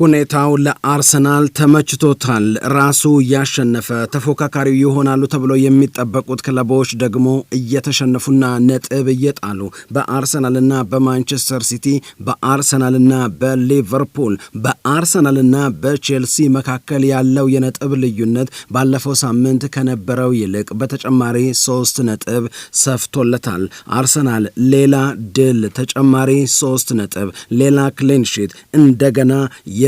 ሁኔታው ለአርሰናል ተመችቶታል። ራሱ እያሸነፈ ተፎካካሪው ይሆናሉ ተብሎ የሚጠበቁት ክለቦች ደግሞ እየተሸነፉና ነጥብ እየጣሉ በአርሰናልና በማንቸስተር ሲቲ፣ በአርሰናልና በሊቨርፑል፣ በአርሰናልና በቼልሲ መካከል ያለው የነጥብ ልዩነት ባለፈው ሳምንት ከነበረው ይልቅ በተጨማሪ ሶስት ነጥብ ሰፍቶለታል። አርሰናል ሌላ ድል፣ ተጨማሪ ሶስት ነጥብ፣ ሌላ ክሊንሺት እንደገና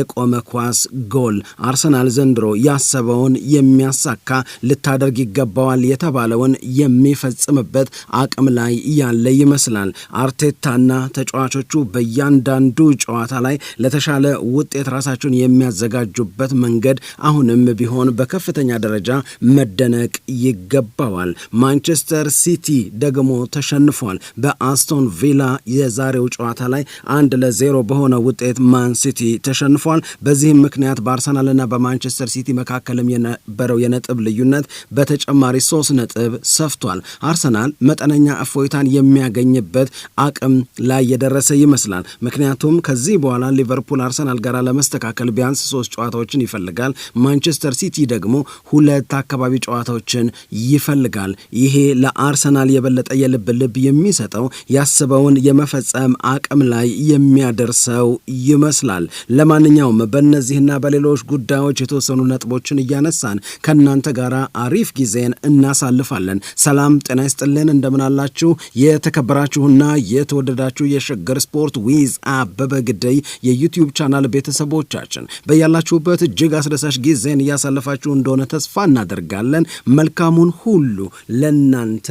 የቆመ ኳስ ጎል። አርሰናል ዘንድሮ ያሰበውን የሚያሳካ ልታደርግ ይገባዋል የተባለውን የሚፈጽምበት አቅም ላይ ያለ ይመስላል። አርቴታና ተጫዋቾቹ በእያንዳንዱ ጨዋታ ላይ ለተሻለ ውጤት ራሳቸውን የሚያዘጋጁበት መንገድ አሁንም ቢሆን በከፍተኛ ደረጃ መደነቅ ይገባዋል። ማንቸስተር ሲቲ ደግሞ ተሸንፏል። በአስቶን ቪላ የዛሬው ጨዋታ ላይ አንድ ለዜሮ በሆነ ውጤት ማን ሲቲ ተሸንፏል። አልፏል። በዚህም ምክንያት በአርሰናልና በማንቸስተር ሲቲ መካከልም የነበረው የነጥብ ልዩነት በተጨማሪ ሶስት ነጥብ ሰፍቷል። አርሰናል መጠነኛ እፎይታን የሚያገኝበት አቅም ላይ የደረሰ ይመስላል። ምክንያቱም ከዚህ በኋላ ሊቨርፑል አርሰናል ጋር ለመስተካከል ቢያንስ ሶስት ጨዋታዎችን ይፈልጋል። ማንቸስተር ሲቲ ደግሞ ሁለት አካባቢ ጨዋታዎችን ይፈልጋል። ይሄ ለአርሰናል የበለጠ የልብ ልብ የሚሰጠው ያስበውን የመፈጸም አቅም ላይ የሚያደርሰው ይመስላል። ለማንኛ ለማንኛውም በእነዚህና በሌሎች ጉዳዮች የተወሰኑ ነጥቦችን እያነሳን ከእናንተ ጋር አሪፍ ጊዜን እናሳልፋለን። ሰላም ጤና ይስጥልን። እንደምናላችሁ የተከበራችሁና የተወደዳችሁ የሸገር ስፖርት ዊዝ አበበ ግደይ የዩትዩብ ቻናል ቤተሰቦቻችን በያላችሁበት እጅግ አስደሳች ጊዜን እያሳለፋችሁ እንደሆነ ተስፋ እናደርጋለን። መልካሙን ሁሉ ለናንተ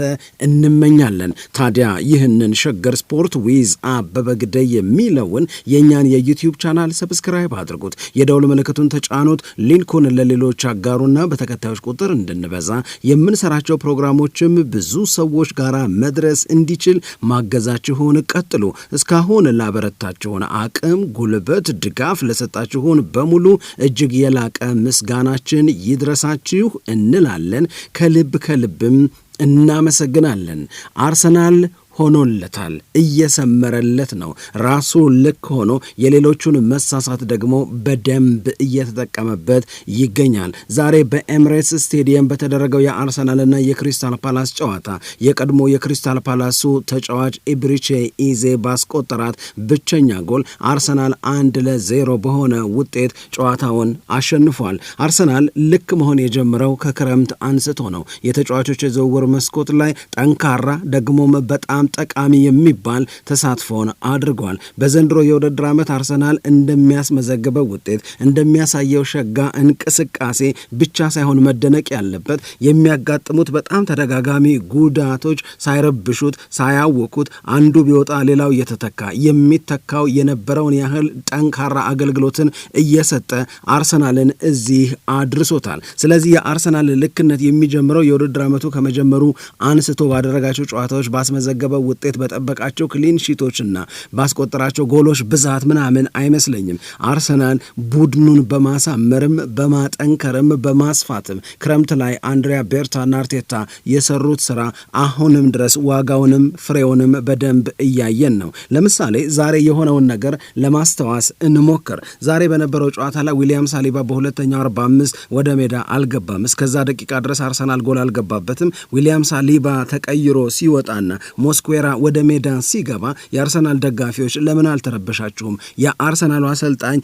እንመኛለን። ታዲያ ይህንን ሸገር ስፖርት ዊዝ አበበ ግደይ የሚለውን የእኛን የዩትዩብ ቻናል ሰብስክራይብ አድርጉት፣ የደውል ምልክቱን ተጫኑት፣ ሊንኩን ለሌሎች አጋሩና በተከታዮች ቁጥር እንድንበዛ የምንሰራቸው ፕሮግራሞችም ብዙ ሰዎች ጋር መድረስ እንዲችል ማገዛችሁን ቀጥሉ። እስካሁን ላበረታችሁን አቅም፣ ጉልበት፣ ድጋፍ ለሰጣችሁን በሙሉ እጅግ የላቀ ምስጋናችን ይድረሳችሁ እንላለን። ከልብ ከልብም እናመሰግናለን። አርሰናል ሆኖለታል፣ እየሰመረለት ነው። ራሱ ልክ ሆኖ የሌሎቹን መሳሳት ደግሞ በደንብ እየተጠቀመበት ይገኛል። ዛሬ በኤምሬትስ ስቴዲየም በተደረገው የአርሰናልና የክሪስታል ፓላስ ጨዋታ የቀድሞ የክሪስታል ፓላሱ ተጫዋች ኢብሪቼ ኢዜ ባስቆጠራት ብቸኛ ጎል አርሰናል አንድ ለዜሮ በሆነ ውጤት ጨዋታውን አሸንፏል። አርሰናል ልክ መሆን የጀመረው ከክረምት አንስቶ ነው። የተጫዋቾች የዝውውር መስኮት ላይ ጠንካራ ደግሞም በጣም ጠቃሚ የሚባል ተሳትፎን አድርጓል። በዘንድሮ የውድድር ዓመት አርሰናል እንደሚያስመዘግበው ውጤት እንደሚያሳየው ሸጋ እንቅስቃሴ ብቻ ሳይሆን መደነቅ ያለበት የሚያጋጥሙት በጣም ተደጋጋሚ ጉዳቶች ሳይረብሹት ሳያወቁት አንዱ ቢወጣ ሌላው እየተተካ የሚተካው የነበረውን ያህል ጠንካራ አገልግሎትን እየሰጠ አርሰናልን እዚህ አድርሶታል። ስለዚህ የአርሰናል ልክነት የሚጀምረው የውድድር ዓመቱ ከመጀመሩ አንስቶ ባደረጋቸው ጨዋታዎች ባስመዘገበ የሚያስመዘግበው ውጤት በጠበቃቸው ክሊንሺቶችና ባስቆጠራቸው ጎሎች ብዛት ምናምን አይመስለኝም። አርሰናል ቡድኑን በማሳመርም በማጠንከርም በማስፋትም ክረምት ላይ አንድሪያ ቤርታና አርቴታ የሰሩት ስራ አሁንም ድረስ ዋጋውንም ፍሬውንም በደንብ እያየን ነው። ለምሳሌ ዛሬ የሆነውን ነገር ለማስተዋስ እንሞክር። ዛሬ በነበረው ጨዋታ ላይ ዊሊያም ሳሊባ በሁለተኛው 45 ወደ ሜዳ አልገባም። እስከዛ ደቂቃ ድረስ አርሰናል ጎል አልገባበትም። ዊሊያም ሳሊባ ተቀይሮ ሲወጣና ሞስ ማስኩዌራ ወደ ሜዳ ሲገባ የአርሰናል ደጋፊዎች ለምን አልተረበሻችሁም? የአርሰናሉ አሰልጣኝ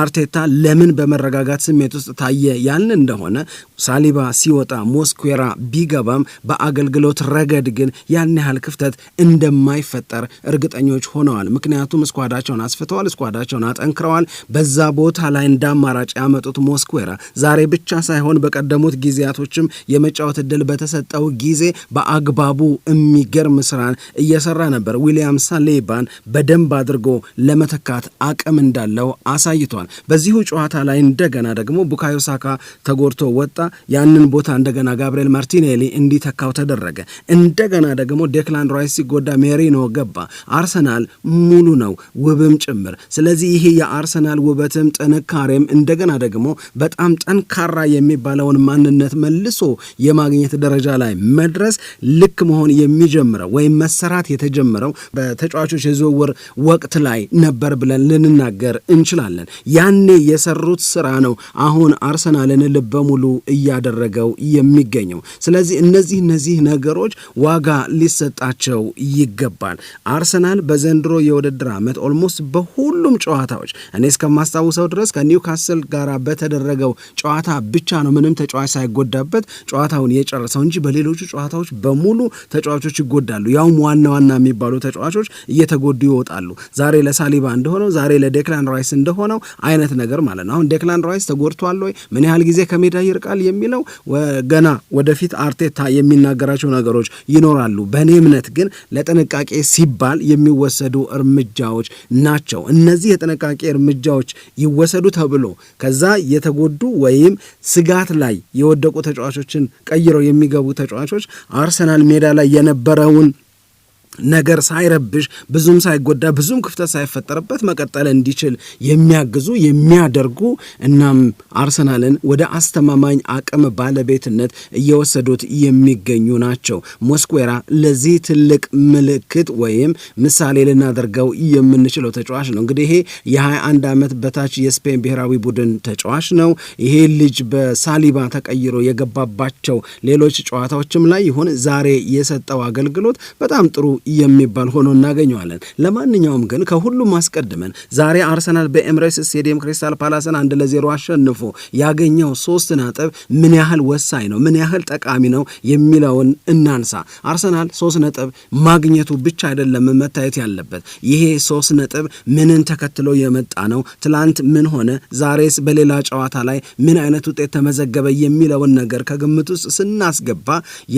አርቴታ ለምን በመረጋጋት ስሜት ውስጥ ታየ ያልን እንደሆነ ሳሊባ ሲወጣ ሞስኩዌራ ቢገባም በአገልግሎት ረገድ ግን ያን ያህል ክፍተት እንደማይፈጠር እርግጠኞች ሆነዋል። ምክንያቱም እስኳዳቸውን አስፍተዋል፣ እስኳዳቸውን አጠንክረዋል። በዛ ቦታ ላይ እንደ አማራጭ ያመጡት ሞስኩዌራ ዛሬ ብቻ ሳይሆን በቀደሙት ጊዜያቶችም የመጫወት እድል በተሰጠው ጊዜ በአግባቡ የሚገርም ስራን እየሰራ ነበር። ዊሊያም ሳሊባን በደንብ አድርጎ ለመተካት አቅም እንዳለው አሳይቷል። ተጫውተዋል። በዚሁ ጨዋታ ላይ እንደገና ደግሞ ቡካዮ ሳካ ተጎድቶ ወጣ። ያንን ቦታ እንደገና ጋብርኤል ማርቲኔሊ እንዲተካው ተደረገ። እንደገና ደግሞ ዴክላን ራይስ ሲጎዳ ሜሪኖ ገባ። አርሰናል ሙሉ ነው፣ ውብም ጭምር። ስለዚህ ይሄ የአርሰናል ውበትም ጥንካሬም እንደገና ደግሞ በጣም ጠንካራ የሚባለውን ማንነት መልሶ የማግኘት ደረጃ ላይ መድረስ ልክ መሆን የሚጀምረው ወይም መሰራት የተጀመረው በተጫዋቾች የዝውውር ወቅት ላይ ነበር ብለን ልንናገር እንችላለን። ያኔ የሰሩት ስራ ነው አሁን አርሰናልን ልብ በሙሉ እያደረገው የሚገኘው። ስለዚህ እነዚህ እነዚህ ነገሮች ዋጋ ሊሰጣቸው ይገባል። አርሰናል በዘንድሮ የውድድር ዓመት ኦልሞስት በሁሉም ጨዋታዎች እኔ እስከማስታውሰው ድረስ ከኒውካስል ጋር በተደረገው ጨዋታ ብቻ ነው ምንም ተጫዋች ሳይጎዳበት ጨዋታውን የጨረሰው እንጂ በሌሎቹ ጨዋታዎች በሙሉ ተጫዋቾች ይጎዳሉ። ያውም ዋና ዋና የሚባሉ ተጫዋቾች እየተጎዱ ይወጣሉ። ዛሬ ለሳሊባ እንደሆነው ዛሬ ለዴክላን ራይስ እንደሆነው አይነት ነገር ማለት ነው። አሁን ዴክላን ራይስ ተጎድቷል ወይ ምን ያህል ጊዜ ከሜዳ ይርቃል የሚለው ገና ወደፊት አርቴታ የሚናገራቸው ነገሮች ይኖራሉ። በእኔ እምነት ግን ለጥንቃቄ ሲባል የሚወሰዱ እርምጃዎች ናቸው። እነዚህ የጥንቃቄ እርምጃዎች ይወሰዱ ተብሎ ከዛ የተጎዱ ወይም ስጋት ላይ የወደቁ ተጫዋቾችን ቀይረው የሚገቡ ተጫዋቾች አርሰናል ሜዳ ላይ የነበረውን ነገር ሳይረብሽ ብዙም ሳይጎዳ ብዙም ክፍተት ሳይፈጠርበት መቀጠል እንዲችል የሚያግዙ የሚያደርጉ እናም አርሰናልን ወደ አስተማማኝ አቅም ባለቤትነት እየወሰዱት የሚገኙ ናቸው። ሞስኩዌራ ለዚህ ትልቅ ምልክት ወይም ምሳሌ ልናደርገው የምንችለው ተጫዋች ነው። እንግዲህ ይሄ የ21 ዓመት በታች የስፔን ብሔራዊ ቡድን ተጫዋች ነው። ይሄ ልጅ በሳሊባ ተቀይሮ የገባባቸው ሌሎች ጨዋታዎችም ላይ ይሁን ዛሬ የሰጠው አገልግሎት በጣም ጥሩ የሚባል ሆኖ እናገኘዋለን። ለማንኛውም ግን ከሁሉም አስቀድመን ዛሬ አርሰናል በኤምሬስ ስቴዲየም ክሪስታል ፓላስን አንድ ለዜሮ አሸንፎ ያገኘው ሶስት ነጥብ ምን ያህል ወሳኝ ነው፣ ምን ያህል ጠቃሚ ነው የሚለውን እናንሳ። አርሰናል ሶስት ነጥብ ማግኘቱ ብቻ አይደለም መታየት ያለበት። ይሄ ሶስት ነጥብ ምንን ተከትሎ የመጣ ነው፣ ትላንት ምን ሆነ፣ ዛሬስ በሌላ ጨዋታ ላይ ምን አይነት ውጤት ተመዘገበ የሚለውን ነገር ከግምት ውስጥ ስናስገባ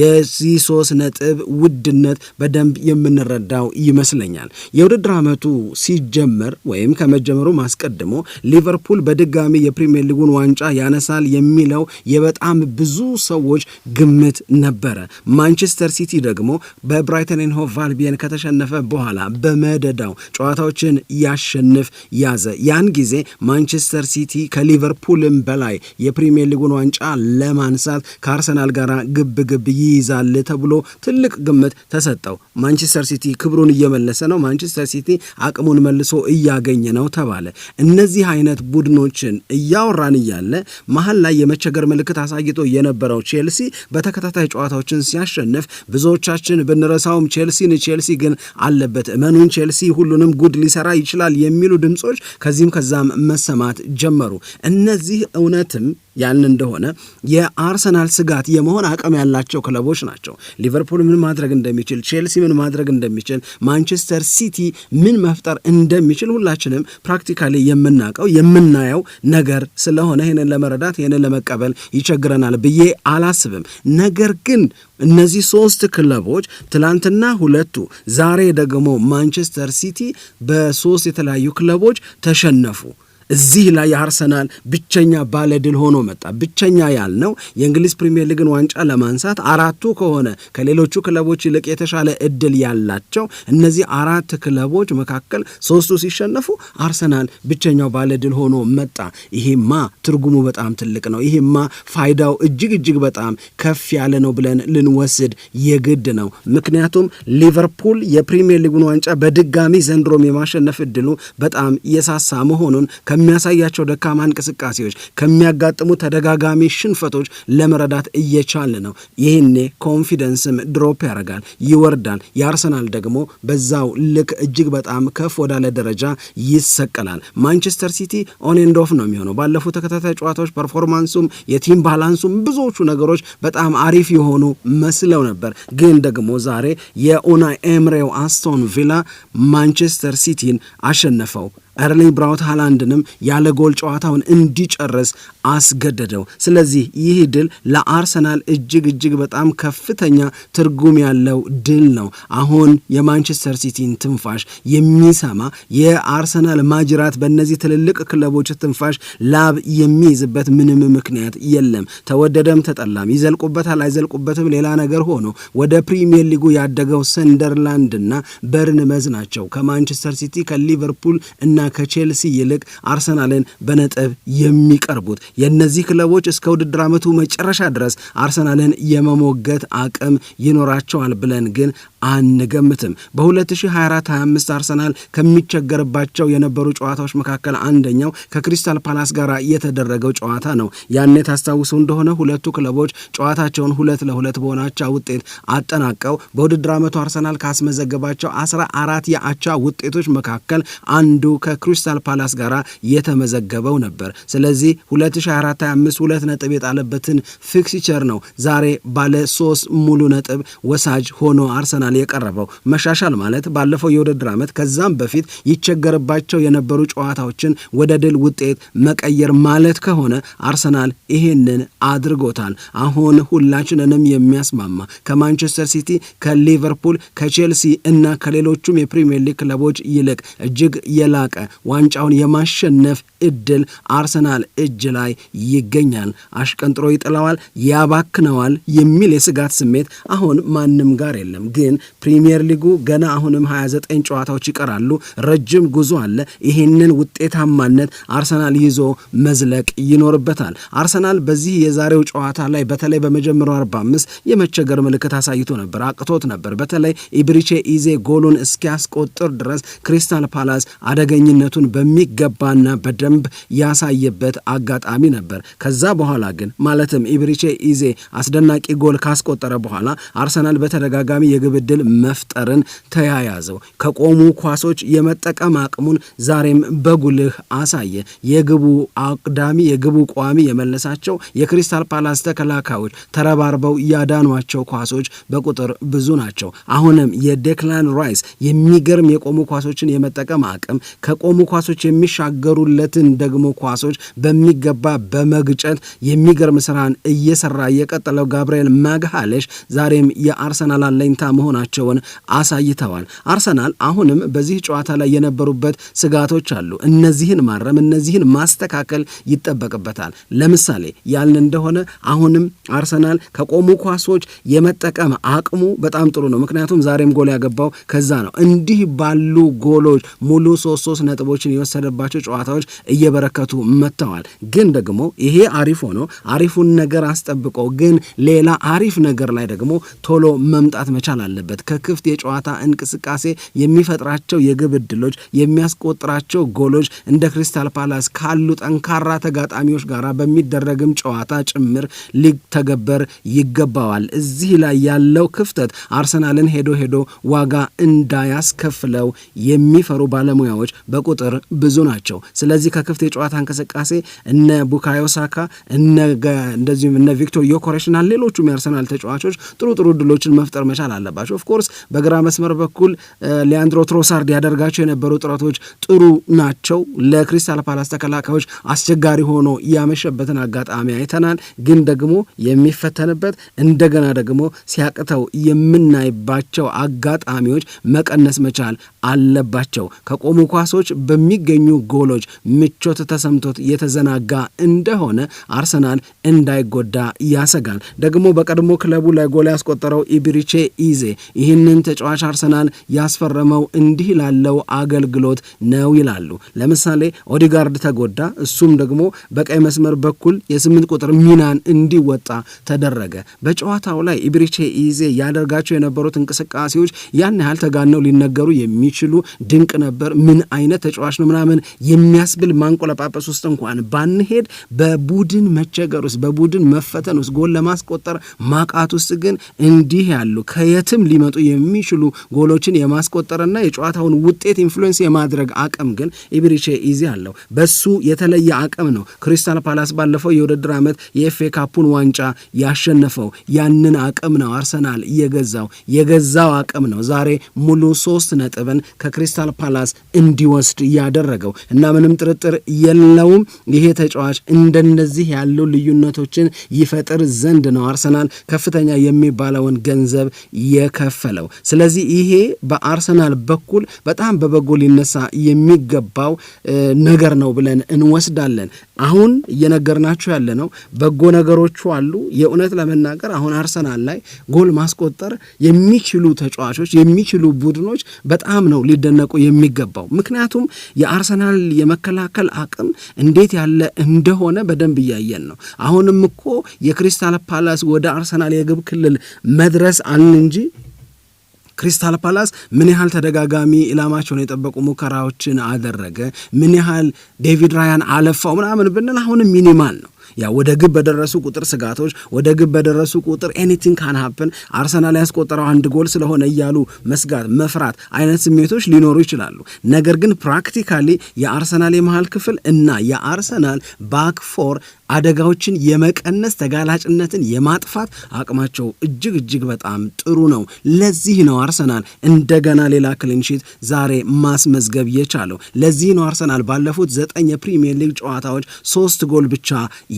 የዚህ ሶስት ነጥብ ውድነት በደንብ የምንረዳው ይመስለኛል። የውድድር ዓመቱ ሲጀመር ወይም ከመጀመሩ ማስቀድሞ ሊቨርፑል በድጋሚ የፕሪምየር ሊጉን ዋንጫ ያነሳል የሚለው የበጣም ብዙ ሰዎች ግምት ነበረ። ማንቸስተር ሲቲ ደግሞ በብራይተን ኤንድ ሆቭ ከተሸነፈ በኋላ በመደዳው ጨዋታዎችን ያሸንፍ ያዘ። ያን ጊዜ ማንቸስተር ሲቲ ከሊቨርፑልም በላይ የፕሪምየር ሊጉን ዋንጫ ለማንሳት ከአርሰናል ጋር ግብ ግብ ይይዛል ተብሎ ትልቅ ግምት ተሰጠው። ማንቸስተር ሲቲ ክብሩን እየመለሰ ነው፣ ማንቸስተር ሲቲ አቅሙን መልሶ እያገኘ ነው ተባለ። እነዚህ አይነት ቡድኖችን እያወራን እያለ መሀል ላይ የመቸገር ምልክት አሳይቶ የነበረው ቼልሲ በተከታታይ ጨዋታዎችን ሲያሸንፍ ብዙዎቻችን ብንረሳውም ቼልሲን ቼልሲ ግን አለበት እመኑን ቼልሲ ሁሉንም ጉድ ሊሰራ ይችላል የሚሉ ድምፆች ከዚህም ከዛም መሰማት ጀመሩ። እነዚህ እውነትም ያልን እንደሆነ የአርሰናል ስጋት የመሆን አቅም ያላቸው ክለቦች ናቸው። ሊቨርፑል ምን ማድረግ እንደሚችል፣ ቼልሲ ምን ማድረግ እንደሚችል፣ ማንቸስተር ሲቲ ምን መፍጠር እንደሚችል ሁላችንም ፕራክቲካሊ የምናውቀው የምናየው ነገር ስለሆነ ይህንን ለመረዳት ይህንን ለመቀበል ይቸግረናል ብዬ አላስብም። ነገር ግን እነዚህ ሶስት ክለቦች ትላንትና ሁለቱ ዛሬ ደግሞ ማንቸስተር ሲቲ በሶስት የተለያዩ ክለቦች ተሸነፉ። እዚህ ላይ አርሰናል ብቸኛ ባለድል ሆኖ መጣ። ብቸኛ ያልነው የእንግሊዝ ፕሪምየር ሊግን ዋንጫ ለማንሳት አራቱ ከሆነ ከሌሎቹ ክለቦች ይልቅ የተሻለ እድል ያላቸው እነዚህ አራት ክለቦች መካከል ሶስቱ ሲሸነፉ አርሰናል ብቸኛው ባለድል ሆኖ መጣ። ይሄማ ትርጉሙ በጣም ትልቅ ነው። ይሄማ ፋይዳው እጅግ እጅግ በጣም ከፍ ያለ ነው ብለን ልንወስድ የግድ ነው። ምክንያቱም ሊቨርፑል የፕሪምየር ሊጉን ዋንጫ በድጋሚ ዘንድሮም የማሸነፍ እድሉ በጣም የሳሳ መሆኑን ከሚያሳያቸው ደካማ እንቅስቃሴዎች፣ ከሚያጋጥሙ ተደጋጋሚ ሽንፈቶች ለመረዳት እየቻል ነው። ይህኔ ኮንፊደንስም ድሮፕ ያደርጋል፣ ይወርዳል። የአርሰናል ደግሞ በዛው ልክ እጅግ በጣም ከፍ ወዳለ ደረጃ ይሰቀላል። ማንቸስተር ሲቲ ኦኔንዶፍ ነው የሚሆነው። ባለፉት ተከታታይ ጨዋታዎች ፐርፎርማንሱም የቲም ባላንሱም ብዙዎቹ ነገሮች በጣም አሪፍ የሆኑ መስለው ነበር። ግን ደግሞ ዛሬ የኡናይ ኤምሬው አስቶን ቪላ ማንቸስተር ሲቲን አሸነፈው። ኤርሊንግ ብራውት ሃላንድንም ያለ ጎል ጨዋታውን እንዲጨርስ አስገደደው። ስለዚህ ይህ ድል ለአርሰናል እጅግ እጅግ በጣም ከፍተኛ ትርጉም ያለው ድል ነው። አሁን የማንቸስተር ሲቲን ትንፋሽ የሚሰማ የአርሰናል ማጅራት በእነዚህ ትልልቅ ክለቦች ትንፋሽ ላብ የሚይዝበት ምንም ምክንያት የለም። ተወደደም ተጠላም ይዘልቁበታል አይዘልቁበትም ሌላ ነገር ሆኖ ወደ ፕሪሚየር ሊጉ ያደገው ሰንደርላንድና በርንመዝ ናቸው ከማንቸስተር ሲቲ ከሊቨርፑል እና ከቼልሲ ይልቅ አርሰናልን በነጥብ የሚቀርቡት። የእነዚህ ክለቦች እስከ ውድድር ዓመቱ መጨረሻ ድረስ አርሰናልን የመሞገት አቅም ይኖራቸዋል ብለን ግን አንገምትም። በ2024/25 አርሰናል ከሚቸገርባቸው የነበሩ ጨዋታዎች መካከል አንደኛው ከክሪስታል ፓላስ ጋር የተደረገው ጨዋታ ነው። ያኔ ታስታውሱ እንደሆነ ሁለቱ ክለቦች ጨዋታቸውን ሁለት ለሁለት በሆናቻ ውጤት አጠናቀው በውድድር ዓመቱ አርሰናል ካስመዘገባቸው አስራ አራት የአቻ ውጤቶች መካከል አንዱ ከክሪስታል ፓላስ ጋር የተመዘገበው ነበር። ስለዚህ 2024/25 ሁለት ነጥብ የጣለበትን ፊክስቸር ነው ዛሬ ባለ ሶስት ሙሉ ነጥብ ወሳጅ ሆኖ አርሰናል መሻሻል የቀረበው። መሻሻል ማለት ባለፈው የውድድር ዓመት ከዛም በፊት ይቸገርባቸው የነበሩ ጨዋታዎችን ወደ ድል ውጤት መቀየር ማለት ከሆነ አርሰናል ይሄንን አድርጎታል። አሁን ሁላችንንም የሚያስማማ ከማንቸስተር ሲቲ፣ ከሊቨርፑል፣ ከቼልሲ እና ከሌሎቹም የፕሪምየር ሊግ ክለቦች ይልቅ እጅግ የላቀ ዋንጫውን የማሸነፍ እድል አርሰናል እጅ ላይ ይገኛል። አሽቀንጥሮ ይጥለዋል፣ ያባክነዋል የሚል የስጋት ስሜት አሁን ማንም ጋር የለም። ግን ፕሪሚየር ሊጉ ገና አሁንም 29 ጨዋታዎች ይቀራሉ። ረጅም ጉዞ አለ። ይህንን ውጤታማነት አርሰናል ይዞ መዝለቅ ይኖርበታል። አርሰናል በዚህ የዛሬው ጨዋታ ላይ በተለይ በመጀመሪያው 45 የመቸገር ምልክት አሳይቶ ነበር፣ አቅቶት ነበር። በተለይ ኢብሪቼ ኢዜ ጎሉን እስኪያስቆጥር ድረስ ክሪስታል ፓላስ አደገኝነቱን በሚገባና በደንብ ያሳየበት አጋጣሚ ነበር። ከዛ በኋላ ግን ማለትም ኢብሪቼ ኢዜ አስደናቂ ጎል ካስቆጠረ በኋላ አርሰናል በተደጋጋሚ የግብድ እድል መፍጠርን ተያያዘው። ከቆሙ ኳሶች የመጠቀም አቅሙን ዛሬም በጉልህ አሳየ። የግቡ አቅዳሚ፣ የግቡ ቋሚ የመለሳቸው የክሪስታል ፓላስ ተከላካዮች ተረባርበው ያዳኗቸው ኳሶች በቁጥር ብዙ ናቸው። አሁንም የዴክላን ራይስ የሚገርም የቆሙ ኳሶችን የመጠቀም አቅም ከቆሙ ኳሶች የሚሻገሩለትን ደግሞ ኳሶች በሚገባ በመግጨት የሚገርም ስራን እየሰራ የቀጠለው ጋብርኤል ማግሃለሽ ዛሬም የአርሰናል አለኝታ መሆን መሆናቸውን አሳይተዋል። አርሰናል አሁንም በዚህ ጨዋታ ላይ የነበሩበት ስጋቶች አሉ። እነዚህን ማረም፣ እነዚህን ማስተካከል ይጠበቅበታል። ለምሳሌ ያልን እንደሆነ አሁንም አርሰናል ከቆሙ ኳሶች የመጠቀም አቅሙ በጣም ጥሩ ነው። ምክንያቱም ዛሬም ጎል ያገባው ከዛ ነው። እንዲህ ባሉ ጎሎች ሙሉ ሶስት ሶስት ነጥቦችን የወሰደባቸው ጨዋታዎች እየበረከቱ መጥተዋል። ግን ደግሞ ይሄ አሪፍ ሆኖ አሪፉን ነገር አስጠብቆ ግን ሌላ አሪፍ ነገር ላይ ደግሞ ቶሎ መምጣት መቻል አለበት። ያለበት ከክፍት የጨዋታ እንቅስቃሴ የሚፈጥራቸው የግብ እድሎች የሚያስቆጥራቸው ጎሎች እንደ ክሪስታል ፓላስ ካሉ ጠንካራ ተጋጣሚዎች ጋር በሚደረግም ጨዋታ ጭምር ሊተገበር ይገባዋል። እዚህ ላይ ያለው ክፍተት አርሰናልን ሄዶ ሄዶ ዋጋ እንዳያስከፍለው የሚፈሩ ባለሙያዎች በቁጥር ብዙ ናቸው። ስለዚህ ከክፍት የጨዋታ እንቅስቃሴ እነ ቡካዮ ሳካ እንደዚሁም እነ ቪክቶር ዮኮሬሽና ሌሎቹም የአርሰናል ተጫዋቾች ጥሩ ጥሩ ድሎችን መፍጠር መቻል አለባቸው። ኦፍኮርስ በግራ መስመር በኩል ሊያንድሮ ትሮሳርድ ያደርጋቸው የነበሩ ጥረቶች ጥሩ ናቸው። ለክሪስታል ፓላስ ተከላካዮች አስቸጋሪ ሆኖ ያመሸበትን አጋጣሚ አይተናል። ግን ደግሞ የሚፈተንበት እንደገና ደግሞ ሲያቅተው የምናይባቸው አጋጣሚዎች መቀነስ መቻል አለባቸው። ከቆሙ ኳሶች በሚገኙ ጎሎች ምቾት ተሰምቶት የተዘናጋ እንደሆነ አርሰናል እንዳይጎዳ ያሰጋል። ደግሞ በቀድሞ ክለቡ ላይ ጎል ያስቆጠረው ኢብሪቼ ኢዜ ይህንን ተጫዋች አርሰናል ያስፈረመው እንዲህ ላለው አገልግሎት ነው ይላሉ። ለምሳሌ ኦዲጋርድ ተጎዳ፣ እሱም ደግሞ በቀይ መስመር በኩል የስምንት ቁጥር ሚናን እንዲወጣ ተደረገ። በጨዋታው ላይ ኢብሪቼ ኢዜ ያደርጋቸው የነበሩት እንቅስቃሴዎች ያን ያህል ተጋነው ሊነገሩ የሚችሉ ድንቅ ነበር። ምን አይነት ተጫዋች ነው ምናምን የሚያስብል ማንቆለጳጰስ ውስጥ እንኳን ባንሄድ በቡድን መቸገር ውስጥ በቡድን መፈተን ውስጥ ጎል ለማስቆጠር ማቃት ውስጥ ግን እንዲህ ያሉ ከየትም ሊመጡ የሚችሉ ጎሎችን የማስቆጠርና የጨዋታውን ውጤት ኢንፍሉዌንስ የማድረግ አቅም ግን ኢብሪቼ ኢዜ አለው። በሱ የተለየ አቅም ነው ክሪስታል ፓላስ ባለፈው የውድድር ዓመት የኤፌ ካፑን ዋንጫ ያሸነፈው። ያንን አቅም ነው አርሰናል የገዛው የገዛው አቅም ነው ዛሬ ሙሉ ሶስት ነጥብን ከክሪስታል ፓላስ እንዲወስድ ያደረገው እና ምንም ጥርጥር የለውም ይሄ ተጫዋች እንደነዚህ ያሉ ልዩነቶችን ይፈጥር ዘንድ ነው አርሰናል ከፍተኛ የሚባለውን ገንዘብ የከ ከፈለው። ስለዚህ ይሄ በአርሰናል በኩል በጣም በበጎ ሊነሳ የሚገባው ነገር ነው ብለን እንወስዳለን። አሁን እየነገርናችሁ ያለ ነው። በጎ ነገሮቹ አሉ። የእውነት ለመናገር አሁን አርሰናል ላይ ጎል ማስቆጠር የሚችሉ ተጫዋቾች፣ የሚችሉ ቡድኖች በጣም ነው ሊደነቁ የሚገባው። ምክንያቱም የአርሰናል የመከላከል አቅም እንዴት ያለ እንደሆነ በደንብ እያየን ነው። አሁንም እኮ የክሪስታል ፓላስ ወደ አርሰናል የግብ ክልል መድረስ አለ እንጂ ክሪስታል ፓላስ ምን ያህል ተደጋጋሚ ኢላማቸውን የጠበቁ ሙከራዎችን አደረገ፣ ምን ያህል ዴቪድ ራያን አለፋው ምናምን ብንል አሁንም ሚኒማል ነው። ያ ወደ ግብ በደረሱ ቁጥር ስጋቶች፣ ወደ ግብ በደረሱ ቁጥር ኤኒቲንግ ካን ሀፕን አርሰናል ያስቆጠረው አንድ ጎል ስለሆነ እያሉ መስጋት፣ መፍራት አይነት ስሜቶች ሊኖሩ ይችላሉ። ነገር ግን ፕራክቲካሊ የአርሰናል የመሃል ክፍል እና የአርሰናል ባክ ፎር አደጋዎችን የመቀነስ ተጋላጭነትን የማጥፋት አቅማቸው እጅግ እጅግ በጣም ጥሩ ነው። ለዚህ ነው አርሰናል እንደገና ሌላ ክሊንሺት ዛሬ ማስመዝገብ የቻለው። ለዚህ ነው አርሰናል ባለፉት ዘጠኝ የፕሪሚየር ሊግ ጨዋታዎች ሶስት ጎል ብቻ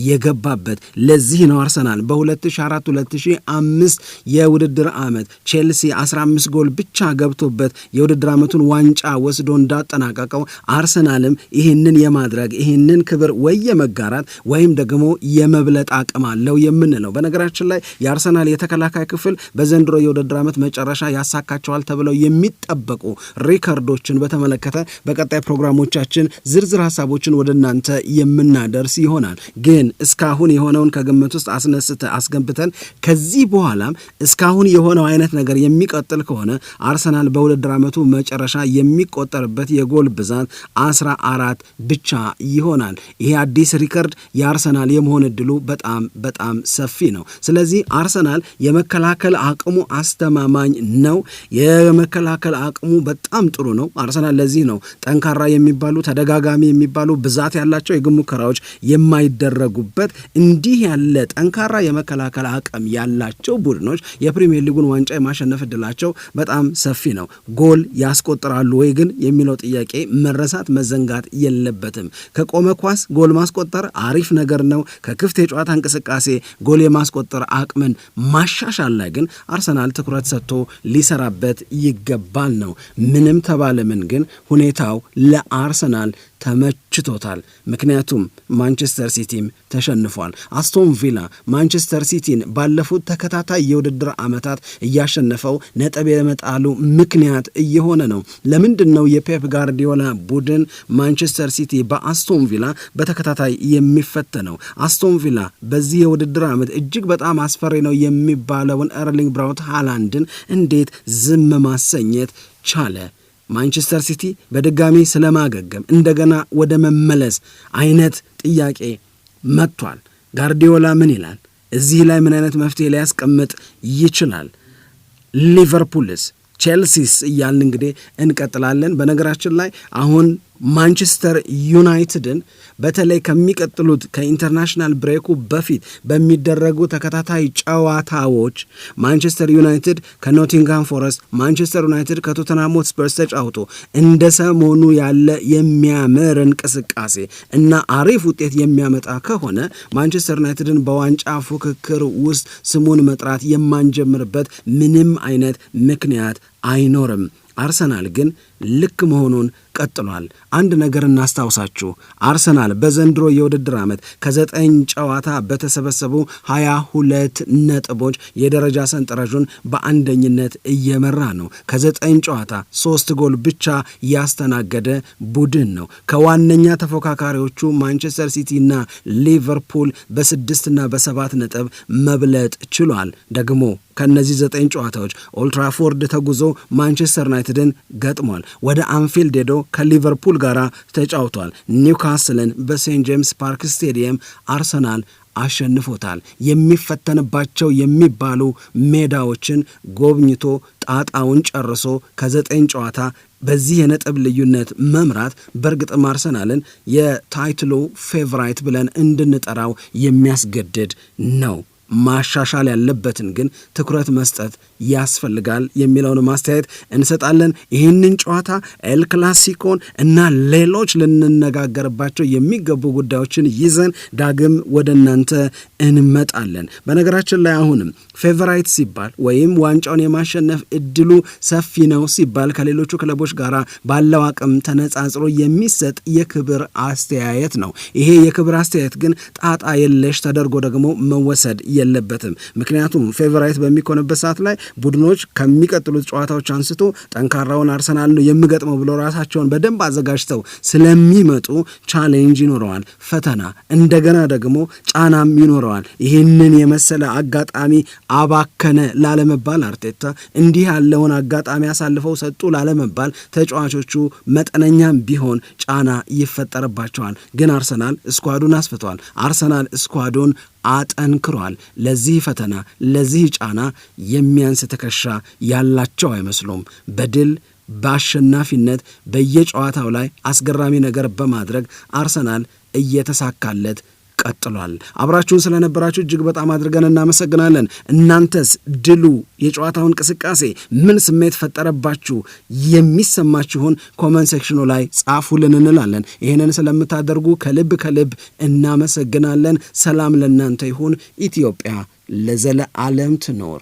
የገባበት። ለዚህ ነው አርሰናል በ2004 2005 የውድድር ዓመት ቼልሲ 15 ጎል ብቻ ገብቶበት የውድድር ዓመቱን ዋንጫ ወስዶ እንዳጠናቀቀው አርሰናልም ይህንን የማድረግ ይህንን ክብር ወይ የመጋራት ወይም ደግሞ የመብለጥ አቅም አለው የምንለው። በነገራችን ላይ የአርሰናል የተከላካይ ክፍል በዘንድሮ የውድድር ዓመት መጨረሻ ያሳካቸዋል ተብለው የሚጠበቁ ሪከርዶችን በተመለከተ በቀጣይ ፕሮግራሞቻችን ዝርዝር ሀሳቦችን ወደ እናንተ የምናደርስ ይሆናል። ግን እስካሁን የሆነውን ከግምት ውስጥ አስነስተ አስገንብተን ከዚህ በኋላም እስካሁን የሆነው አይነት ነገር የሚቀጥል ከሆነ አርሰናል በውድድር ዓመቱ መጨረሻ የሚቆጠርበት የጎል ብዛት አስራ አራት ብቻ ይሆናል። ይሄ አዲስ ሪከርድ የአርሰናል አርሰናል የመሆን እድሉ በጣም በጣም ሰፊ ነው። ስለዚህ አርሰናል የመከላከል አቅሙ አስተማማኝ ነው። የመከላከል አቅሙ በጣም ጥሩ ነው። አርሰናል ለዚህ ነው ጠንካራ የሚባሉ ተደጋጋሚ የሚባሉ ብዛት ያላቸው የግብ ሙከራዎች የማይደረጉበት እንዲህ ያለ ጠንካራ የመከላከል አቅም ያላቸው ቡድኖች የፕሪሚየር ሊጉን ዋንጫ የማሸነፍ እድላቸው በጣም ሰፊ ነው። ጎል ያስቆጥራሉ ወይ ግን የሚለው ጥያቄ መረሳት መዘንጋት የለበትም። ከቆመ ኳስ ጎል ማስቆጠር አሪፍ ነገር ነው። ከክፍት የጨዋታ እንቅስቃሴ ጎል የማስቆጠር አቅምን ማሻሻል ላይ ግን አርሰናል ትኩረት ሰጥቶ ሊሰራበት ይገባል ነው። ምንም ተባለ ምን ግን ሁኔታው ለአርሰናል ተመችቶታል። ምክንያቱም ማንቸስተር ሲቲም ተሸንፏል። አስቶን ቪላ ማንቸስተር ሲቲን ባለፉት ተከታታይ የውድድር ዓመታት እያሸነፈው ነጥብ የመጣሉ ምክንያት እየሆነ ነው። ለምንድን ነው የፔፕ ጋርዲዮላ ቡድን ማንቸስተር ሲቲ በአስቶን ቪላ በተከታታይ የሚፈተነው? አስቶን ቪላ በዚህ የውድድር ዓመት እጅግ በጣም አስፈሪ ነው የሚባለውን ኤርሊንግ ብራውት ሃላንድን እንዴት ዝም ማሰኘት ቻለ? ማንቸስተር ሲቲ በድጋሚ ስለማገገም እንደገና ወደ መመለስ አይነት ጥያቄ መጥቷል። ጋርዲዮላ ምን ይላል? እዚህ ላይ ምን አይነት መፍትሄ ሊያስቀምጥ ይችላል? ሊቨርፑልስ ቼልሲስ እያልን እንግዲህ እንቀጥላለን። በነገራችን ላይ አሁን ማንቸስተር ዩናይትድን በተለይ ከሚቀጥሉት ከኢንተርናሽናል ብሬኩ በፊት በሚደረጉ ተከታታይ ጨዋታዎች ማንቸስተር ዩናይትድ ከኖቲንግሃም ፎረስት፣ ማንቸስተር ዩናይትድ ከቶተንሃም ሆትስፐርስ ተጫውቶ እንደ ሰሞኑ ያለ የሚያምር እንቅስቃሴ እና አሪፍ ውጤት የሚያመጣ ከሆነ ማንቸስተር ዩናይትድን በዋንጫ ፉክክር ውስጥ ስሙን መጥራት የማንጀምርበት ምንም አይነት ምክንያት አይኖርም። አርሰናል ግን ልክ መሆኑን ቀጥሏል። አንድ ነገር እናስታውሳችሁ፣ አርሰናል በዘንድሮ የውድድር ዓመት ከዘጠኝ ጨዋታ በተሰበሰቡ ሀያ ሁለት ነጥቦች የደረጃ ሰንጠረዡን በአንደኝነት እየመራ ነው። ከዘጠኝ ጨዋታ ሶስት ጎል ብቻ ያስተናገደ ቡድን ነው። ከዋነኛ ተፎካካሪዎቹ ማንቸስተር ሲቲ እና ሊቨርፑል በስድስትና በሰባት ነጥብ መብለጥ ችሏል። ደግሞ ከእነዚህ ዘጠኝ ጨዋታዎች ኦልትራፎርድ ተጉዞ ማንቸስተር ዩናይትድን ገጥሟል። ወደ አንፊልድ ሄዶ ከሊቨርፑል ጋር ተጫውቷል። ኒውካስልን በሴንት ጄምስ ፓርክ ስቴዲየም አርሰናል አሸንፎታል። የሚፈተንባቸው የሚባሉ ሜዳዎችን ጎብኝቶ ጣጣውን ጨርሶ ከዘጠኝ ጨዋታ በዚህ የነጥብ ልዩነት መምራት በእርግጥም አርሰናልን የታይትሉ ፌቨራይት ብለን እንድንጠራው የሚያስገድድ ነው። ማሻሻል ያለበትን ግን ትኩረት መስጠት ያስፈልጋል የሚለውን ማስተያየት እንሰጣለን። ይህንን ጨዋታ ኤል ክላሲኮን እና ሌሎች ልንነጋገርባቸው የሚገቡ ጉዳዮችን ይዘን ዳግም ወደ እናንተ እንመጣለን። በነገራችን ላይ አሁንም ፌቨራይት ሲባል ወይም ዋንጫውን የማሸነፍ እድሉ ሰፊ ነው ሲባል ከሌሎቹ ክለቦች ጋር ባለው አቅም ተነጻጽሮ የሚሰጥ የክብር አስተያየት ነው። ይሄ የክብር አስተያየት ግን ጣጣ የለሽ ተደርጎ ደግሞ መወሰድ የለበትም። ምክንያቱም ፌቨራይት በሚኮንበት ሰዓት ላይ ቡድኖች ከሚቀጥሉት ጨዋታዎች አንስቶ ጠንካራውን አርሰናል ነው የምገጥመው ብለው ራሳቸውን በደንብ አዘጋጅተው ስለሚመጡ ቻሌንጅ ይኖረዋል፣ ፈተና እንደገና ደግሞ ጫናም ይኖረዋል። ይህንን የመሰለ አጋጣሚ አባከነ ላለመባል አርቴታ እንዲህ ያለውን አጋጣሚ አሳልፈው ሰጡ ላለመባል ተጫዋቾቹ መጠነኛም ቢሆን ጫና ይፈጠርባቸዋል። ግን አርሰናል ስኳዱን አስፍቷል። አርሰናል ስኳዱን አጠንክሯል። ለዚህ ፈተና፣ ለዚህ ጫና የሚያንስ ትከሻ ያላቸው አይመስሉም። በድል በአሸናፊነት በየጨዋታው ላይ አስገራሚ ነገር በማድረግ አርሰናል እየተሳካለት ቀጥሏል። አብራችሁን ስለነበራችሁ እጅግ በጣም አድርገን እናመሰግናለን። እናንተስ ድሉ የጨዋታው እንቅስቃሴ ምን ስሜት ፈጠረባችሁ? የሚሰማችሁን ኮመንት ሴክሽኑ ላይ ጻፉልን እንላለን። ይህንን ስለምታደርጉ ከልብ ከልብ እናመሰግናለን። ሰላም ለእናንተ ይሁን። ኢትዮጵያ ለዘለዓለም ትኖር።